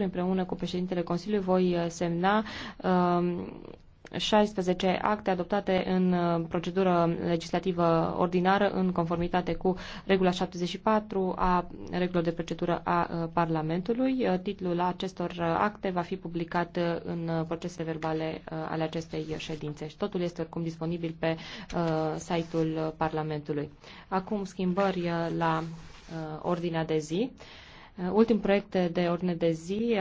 împreună cu președintele Consiliului voi uh, semna 16 um, acte adoptate în uh, procedură legislativă ordinară în conformitate cu regula 74 a regulilor de procedură a uh, Parlamentului. Titlul acestor acte va fi publicat în procese verbale ale acestei ședințe și totul este oricum disponibil pe site-ul Parlamentului. Acum schimbări la ordinea de zi. Ultim proiect de ordine de zi